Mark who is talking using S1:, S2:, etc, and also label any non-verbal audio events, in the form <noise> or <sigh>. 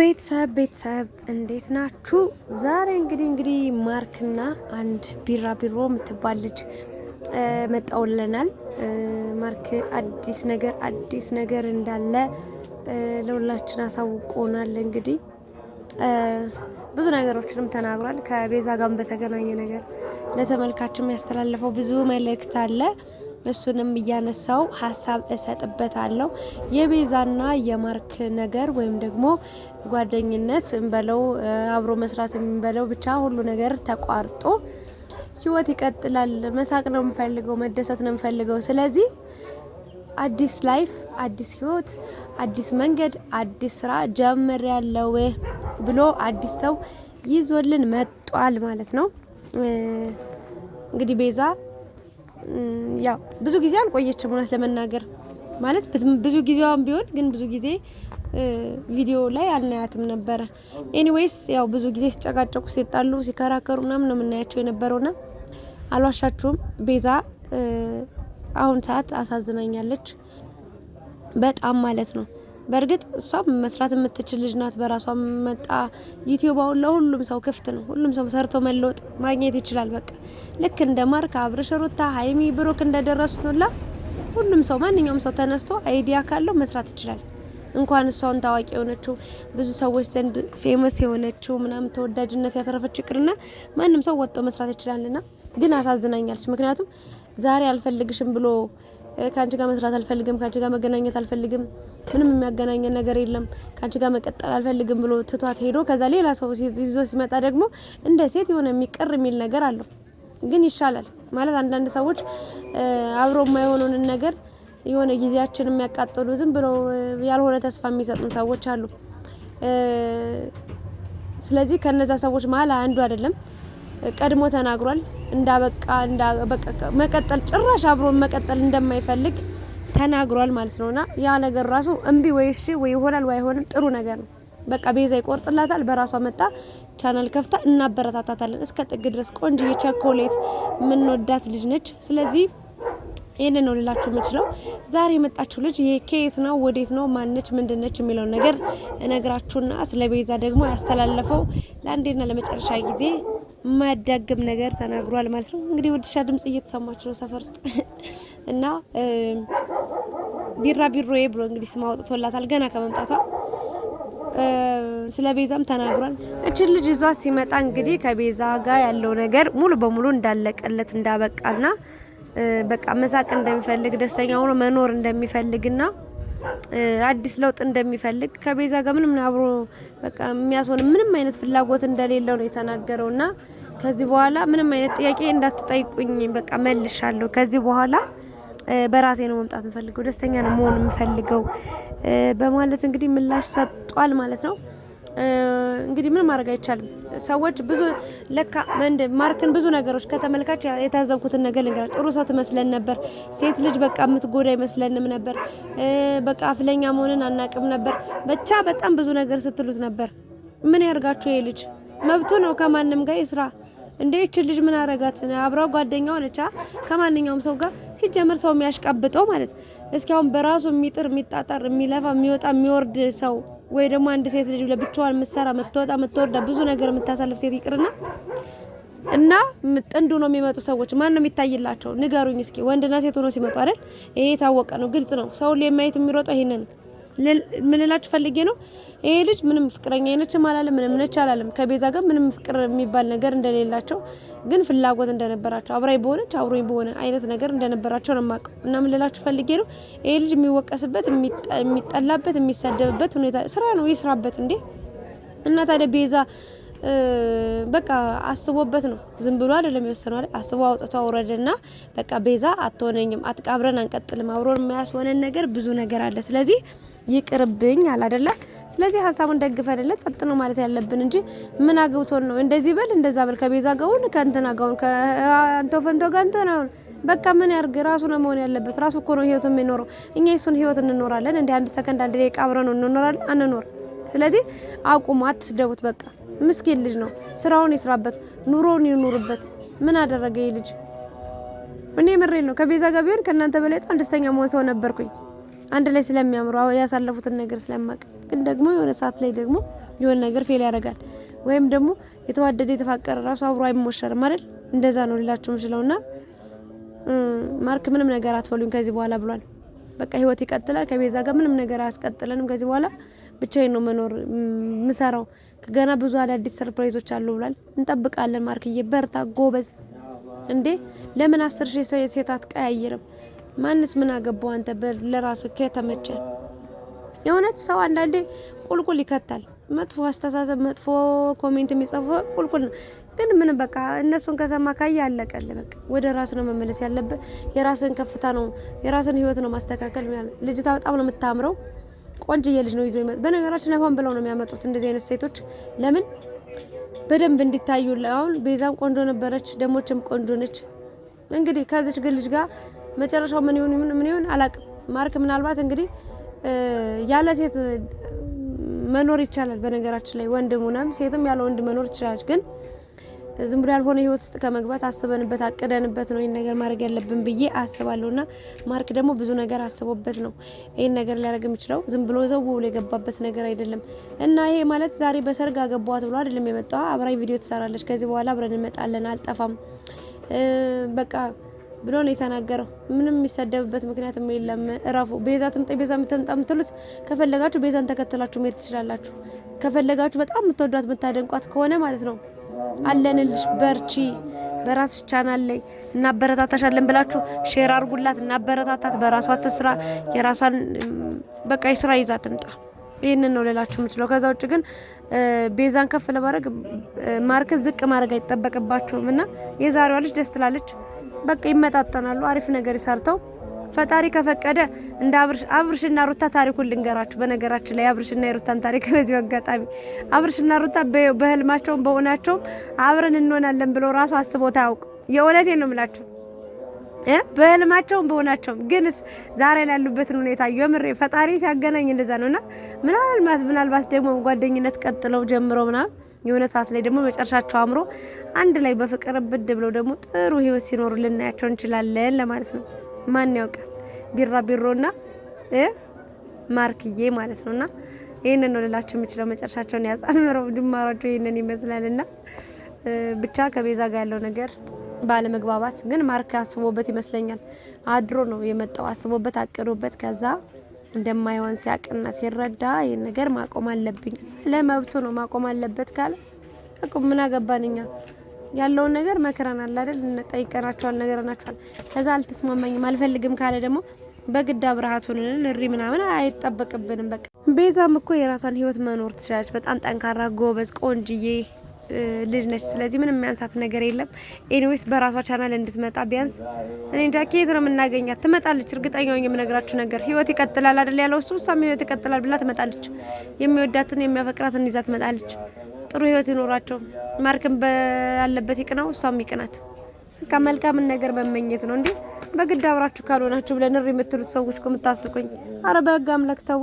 S1: ቤተሰብ ቤተሰብ እንዴት ናችሁ? ዛሬ እንግዲህ እንግዲህ ማርክና አንድ ቢራቢሮ የምትባል ልጅ መጣውለናል። ማርክ አዲስ ነገር አዲስ ነገር እንዳለ ለሁላችን አሳውቆናል። እንግዲህ ብዙ ነገሮችንም ተናግሯል። ከቤዛ ጋርም በተገናኘ ነገር ለተመልካችም ያስተላለፈው ብዙ መልእክት አለ። እሱንም እያነሳው ሀሳብ እሰጥበታለሁ። የቤዛና የማርክ ነገር ወይም ደግሞ ጓደኝነት እንበለው አብሮ መስራት እንበለው ብቻ ሁሉ ነገር ተቋርጦ ህይወት ይቀጥላል። መሳቅ ነው የምፈልገው፣ መደሰት ነው የምፈልገው። ስለዚህ አዲስ ላይፍ፣ አዲስ ህይወት፣ አዲስ መንገድ፣ አዲስ ስራ ጀምር ያለው ብሎ አዲስ ሰው ይዞልን መጧል ማለት ነው። እንግዲህ ቤዛ ያው ብዙ ጊዜ አልቆየችም እውነት ለመናገር ማለት ብዙ ጊዜዋን ቢሆን ግን ብዙ ጊዜ ቪዲዮ ላይ አልናያትም ነበረ። ኤኒዌይስ ያው ብዙ ጊዜ ሲጨቃጨቁ፣ ሲጣሉ፣ ሲከራከሩ ምናምን ነው የምናያቸው የነበረውና አልዋሻችሁም ቤዛ አሁን ሰዓት አሳዝናኛለች በጣም ማለት ነው። በእርግጥ እሷም መስራት የምትችል ልጅ ናት። በራሷ መጣ ዩቲዩብ አሁን ለሁሉም ሰው ክፍት ነው። ሁሉም ሰው ሰርቶ መለወጥ ማግኘት ይችላል። በቃ ልክ እንደ ማርክ፣ አብርሽ፣ ሩታ፣ ሀይሚ፣ ብሩክ እንደደረሱት ሁላ ሁሉም ሰው ማንኛውም ሰው ተነስቶ አይዲያ ካለው መስራት ይችላል። እንኳን እሷን ታዋቂ የሆነችው ብዙ ሰዎች ዘንድ ፌመስ የሆነችው ምናምን ተወዳጅነት ያተረፈችው ይቅርና ማንም ሰው ወጥቶ መስራት ይችላልና ግን አሳዝናኛለች። ምክንያቱም ዛሬ አልፈልግሽም ብሎ ከአንቺ ጋር መስራት አልፈልግም፣ ከአንቺ ጋር መገናኘት አልፈልግም፣ ምንም የሚያገናኘን ነገር የለም፣ ከአንቺ ጋር መቀጠል አልፈልግም ብሎ ትቷት ሄዶ ከዛ ሌላ ሰው ይዞ ሲመጣ ደግሞ እንደ ሴት የሆነ የሚቀር የሚል ነገር አለው። ግን ይሻላል ማለት አንዳንድ ሰዎች አብሮ የማይሆኑንን ነገር የሆነ ጊዜያችን የሚያቃጥሉ ዝም ብሎ ያልሆነ ተስፋ የሚሰጡን ሰዎች አሉ። ስለዚህ ከነዛ ሰዎች መሀል አንዱ አይደለም ቀድሞ ተናግሯል። እንዳበቃ መቀጠል ጭራሽ አብሮ መቀጠል እንደማይፈልግ ተናግሯል ማለት ነውና ያ ነገር ራሱ እምቢ ወይ እሺ ወይ ይሆናል ወይ አይሆንም ጥሩ ነገር ነው። በቃ ቤዛ ይቆርጥላታል። በራሷ መጣ ቻናል ከፍታ እናበረታታታለን እስከ ጥግ ድረስ። ቆንጆዬ ቸኮሌት የምንወዳት ልጅ ነች። ስለዚህ ይህንን ነው ልላችሁ የምችለው። ዛሬ የመጣችሁ ልጅ ከየት ነው ወዴት ነው ማነች ምንድነች የሚለውን ነገር እነግራችሁና ስለ ቤዛ ደግሞ ያስተላለፈው ለአንዴና ለመጨረሻ ጊዜ የማያዳግም ነገር ተናግሯል ማለት ነው። እንግዲህ ወድሻ ድምጽ እየተሰማች ነው ሰፈር ውስጥ <laughs> እና ቢራ ብሎ እንግዲህ ስም አውጥቶላታል ገና ከመምጣቷ ስለ ቤዛም ተናግሯል። እችን ልጅ ይዟ ሲመጣ እንግዲህ ከቤዛ ጋር ያለው ነገር ሙሉ በሙሉ እንዳለቀለት እንዳበቃና በቃ መሳቅ እንደሚፈልግ ደስተኛ ሆኖ መኖር እንደሚፈልግና አዲስ ለውጥ እንደሚፈልግ ከቤዛ ጋር ምንም አብሮ በቃ የሚያስሆን ምንም አይነት ፍላጎት እንደሌለው ነው የተናገረውና ከዚህ በኋላ ምንም አይነት ጥያቄ እንዳትጠይቁኝ በቃ መልሻለሁ። ከዚህ በኋላ በራሴ ነው መምጣት የምፈልገው፣ ደስተኛ ነው መሆን የምፈልገው በማለት እንግዲህ ምላሽ ሰጧል ማለት ነው። እንግዲህ ምን ማድረግ አይቻልም። ሰዎች ብዙ ለካ መንድ ማርክን ብዙ ነገሮች ከተመልካች የታዘብኩትን ነገር ልንገራችሁ። ጥሩ ሰው ትመስለን ነበር። ሴት ልጅ በቃ የምትጎዳ ይመስለንም ነበር። በቃ አፍለኛ መሆንን አናቅም ነበር። ብቻ በጣም ብዙ ነገር ስትሉት ነበር። ምን ያርጋችሁ? ይሄ ልጅ መብቱ ነው። ከማንም ጋር ይስራ እንደ ይች ልጅ ምን አረጋት? አብረው ጓደኛው ነቻ ከማንኛውም ሰው ጋር ሲጀምር ሰው የሚያሽቀብጠው ማለት እስኪ አሁን በራሱ የሚጥር የሚጣጣር የሚለፋ የሚወጣ የሚወርድ ሰው ወይ ደግሞ አንድ ሴት ልጅ ለብቻዋን የምትሰራ የምትወጣ የምትወርዳ ብዙ ነገር የምታሳልፍ ሴት ይቅርና እና ጥንዱ ነው የሚመጡ ሰዎች ማን ነው የሚታይላቸው? ንገሩኝ እስኪ። ወንድና ሴት ሆኖ ሲመጡ አይደል? ይሄ የታወቀ ነው፣ ግልጽ ነው። ሰው ሁሉ የማየት የሚሮጠው ይሄንን ምንላችሁ ፈልጌ ነው ይሄ ልጅ ምንም ፍቅረኛ አይነችም አላለም፣ ምንም ነች አላለም። ከቤዛ ጋር ምንም ፍቅር የሚባል ነገር እንደሌላቸው ግን ፍላጎት እንደነበራቸው አብራይ በሆነች አብሮኝ በሆነ አይነት ነገር እንደነበራቸው ነው የማውቀው። እና ምንላችሁ ፈልጌ ነው ይሄ ልጅ የሚወቀስበት፣ የሚጠላበት፣ የሚሰደብበት ሁኔታ ስራ ነው ይስራበት እንዴ። እና ታዲያ ቤዛ በቃ አስቦበት ነው። ዝም ብሎ አይደለም የወሰነው አይደል? አስቦ አውጥቶ አውረደና በቃ ቤዛ አትሆነኝም፣ አትቃብረን አንቀጥልም፣ አብሮን የማያስሆነን ነገር ብዙ ነገር አለ። ስለዚህ ይቅርብኝ አለ አይደለ? ስለዚህ ሀሳቡን ደግፈንለት ጸጥ ነው ማለት ያለብን እንጂ ምን አግብቶን ነው እንደዚህ በል እንደዛ በል ከቤዛ ጋውን ከእንትና ጋውን ከአንተ ፈንቶ ጋንቶ ነው በቃ ምን ያርግ? ራሱ ነው መሆን ያለበት። ራሱ እኮ ነው ህይወት የሚኖረው። እኛ የሱን ህይወት እንኖራለን እንዴ? አንድ ሰከንድ አንድ ደቂቃ አብረን ነው እንኖራለን አንኖር። ስለዚህ አቁሙ፣ አትስደቡት። በቃ ምስኪን ልጅ ነው። ስራውን ይስራበት፣ ኑሮውን ይኑርበት። ምን አደረገ ይህ ልጅ? እኔ ምሬን ነው ከቤዛ ጋር ቢሆን ከእናንተ በላይ በጣም ደስተኛ መሆን ሰው ነበርኩኝ። አንድ ላይ ስለሚያምሩ ያሳለፉትን ነገር ስለማቅ ግን ደግሞ የሆነ ሰዓት ላይ ደግሞ የሆነ ነገር ፌል ያደርጋል ወይም ደግሞ የተዋደደ የተፋቀረ ራሱ አብሮ አይሞሸርም አይደል? እንደዛ ነው ሌላቸው ምችለውና ማርክ ምንም ነገር አትበሉኝ ከዚህ በኋላ ብሏል። በቃ ህይወት ይቀጥላል። ከቤዛ ጋር ምንም ነገር አያስቀጥለንም ከዚህ በኋላ ብቻዬን ነው መኖር ምሰራው። ገና ብዙ አዳዲስ ሰርፕራይዞች አሉ ብሏል። እንጠብቃለን። ማርክዬ በርታ፣ ጎበዝ። እንዴ ለምን አስር ሺህ ሰው የሴት አትቀያይርም? ማንስ ምን አገባው? አንተ ለራስ ከተመቸ የእውነት ሰው አንዳንዴ ቁልቁል ይከታል። መጥፎ አስተሳሰብ፣ መጥፎ ኮሜንት የሚጽፉ ቁልቁል ነው። ግን ምን በቃ እነሱን ከሰማ ካየ አለቀል። በቃ ወደ ራስ ነው መመለስ ያለብህ። የራስን ከፍታ ነው የራስን ህይወት ነው ማስተካከል። ልጅቷ በጣም ነው የምታምረው። ቆንጅዬ ልጅ ነው ይዞ ይመጣ። በነገራችን ሆን ብለው ነው የሚያመጡት እንደዚህ አይነት ሴቶች። ለምን በደንብ እንዲታዩ። አሁን ቤዛም ቆንጆ ነበረች፣ ደሞችም ቆንጆ ነች። እንግዲህ ከዚች ልጅ ጋር መጨረሻው ምን ይሁን ምን ይሁን አላቅም። ማርክ ምናልባት እንግዲህ ያለ ሴት መኖር ይቻላል። በነገራችን ላይ ወንድም ሆነም ሴትም ያለ ወንድ መኖር ትችላለች። ግን ዝም ብሎ ያልሆነ ህይወት ውስጥ ከመግባት አስበንበት አቅደንበት ነው ይህን ነገር ማድረግ ያለብን ብዬ አስባለሁ። እና ማርክ ደግሞ ብዙ ነገር አስቦበት ነው ይህን ነገር ሊያደርግ የሚችለው። ዝም ብሎ ዘው ብሎ የገባበት ነገር አይደለም። እና ይሄ ማለት ዛሬ በሰርግ አገቧት ብሎ አይደለም የመጣ አብራኝ ቪዲዮ ትሰራለች። ከዚህ በኋላ አብረን እንመጣለን፣ አልጠፋም በቃ ብሎ ነው የተናገረው። ምንም የሚሰደብበት ምክንያትም የለም። እረፉ። ቤዛ ትምጣ፣ ቤዛ ምትምጣ የምትሉት ከፈለጋችሁ ቤዛን ተከትላችሁ መሄድ ትችላላችሁ። ከፈለጋችሁ በጣም የምትወዷት የምታደንቋት ከሆነ ማለት ነው አለንልሽ፣ በርቺ፣ በራስ ቻናል ላይ እናበረታታሻለን ብላችሁ ሼር አርጉላት፣ እናበረታታት። በራሷ ትስራ፣ የራሷን በቃ የስራ ይዛ ትምጣ። ይህንን ነው ልላችሁ የምችለው። ከዛ ውጭ ግን ቤዛን ከፍ ለማድረግ ማርክ ዝቅ ማድረግ አይጠበቅባችሁም እና የዛሬዋ ልጅ ደስ ትላለች። በቃ ይመጣጠናሉ። አሪፍ ነገር ሰርተው ፈጣሪ ከፈቀደ እንደ አብርሽ አብርሽና ሩታ ታሪኩን ልንገራችሁ። በነገራችን ላይ አብርሽና የሩታን ታሪክ <laughs> በዚህ አጋጣሚ አብርሽና ሩታ በህልማቸውም በሆናቸውም አብረን እንሆናለን ብሎ ራሱ አስቦታ ያውቅ። የእውነቴ ነው የምላቸው በህልማቸውም በሆናቸውም ግንስ ዛሬ ላሉበትን ሁኔታ የምሬ ፈጣሪ ሲያገናኝ እንደዛ ነውና ምናልባት ምናልባት ደግሞ ጓደኝነት ቀጥለው ጀምረው ምናምን የሆነ ሰዓት ላይ ደግሞ መጨረሻቸው አምሮ አንድ ላይ በፍቅር ብድ ብለው ደግሞ ጥሩ ህይወት ሲኖሩ ልናያቸው እንችላለን ለማለት ነው። ማን ያውቃል? ቢራቢሮና ማርክዬ ማለት ነውና ይህንን ነው ልላቸው የምችለው። መጨረሻቸውን ያጻምረው ድማሯቸው ይህንን ይመስላልና ብቻ ከቤዛ ጋር ያለው ነገር ባለመግባባት ግን ማርክ አስቦበት ይመስለኛል አድሮ ነው የመጣው። አስቦበት አቅዶበት ከዛ እንደማይሆን ሲያቅና ሲረዳ ይህን ነገር ማቆም አለብኝ አለ። መብቱ ነው ማቆም አለበት ካለ አቁም። ምን አገባን እኛ? ያለውን ነገር መክረናል አይደል? ጠይቀናቸዋል፣ ነገረናቸዋል። ከዛ አልተስማማኝም አልፈልግም ካለ ደግሞ በግድ አብርሃቱን እሪ ምናምን አይጠበቅብንም። በቃ ቤዛም እኮ የራሷን ህይወት መኖር ትችላለች። በጣም ጠንካራ ጎበዝ፣ ቆንጅዬ ልጅ ነች። ስለዚህ ምንም የሚያንሳት ነገር የለም። ኤኒዌይስ በራሷ ቻናል እንድትመጣ ቢያንስ እኔ እንጃ ከየት ነው የምናገኛት። ትመጣለች፣ እርግጠኛ ነኝ። የምነግራችሁ ነገር ህይወት ይቀጥላል አይደል ያለው እሱ። እሷም ህይወት ይቀጥላል ብላ ትመጣለች። የሚወዳትን የሚያፈቅራትን ይዛ ትመጣለች። ጥሩ ህይወት ይኖራቸው። ማርክም ያለበት ይቅናው፣ እሷም ይቅናት። በቃ መልካምን ነገር መመኘት ነው እንዴ። በግድ አብራችሁ ካልሆናችሁ ብለን እሪ የምትሉት ሰዎች እኮ የምታስቁኝ። አረ በህግ አምላክ ተው።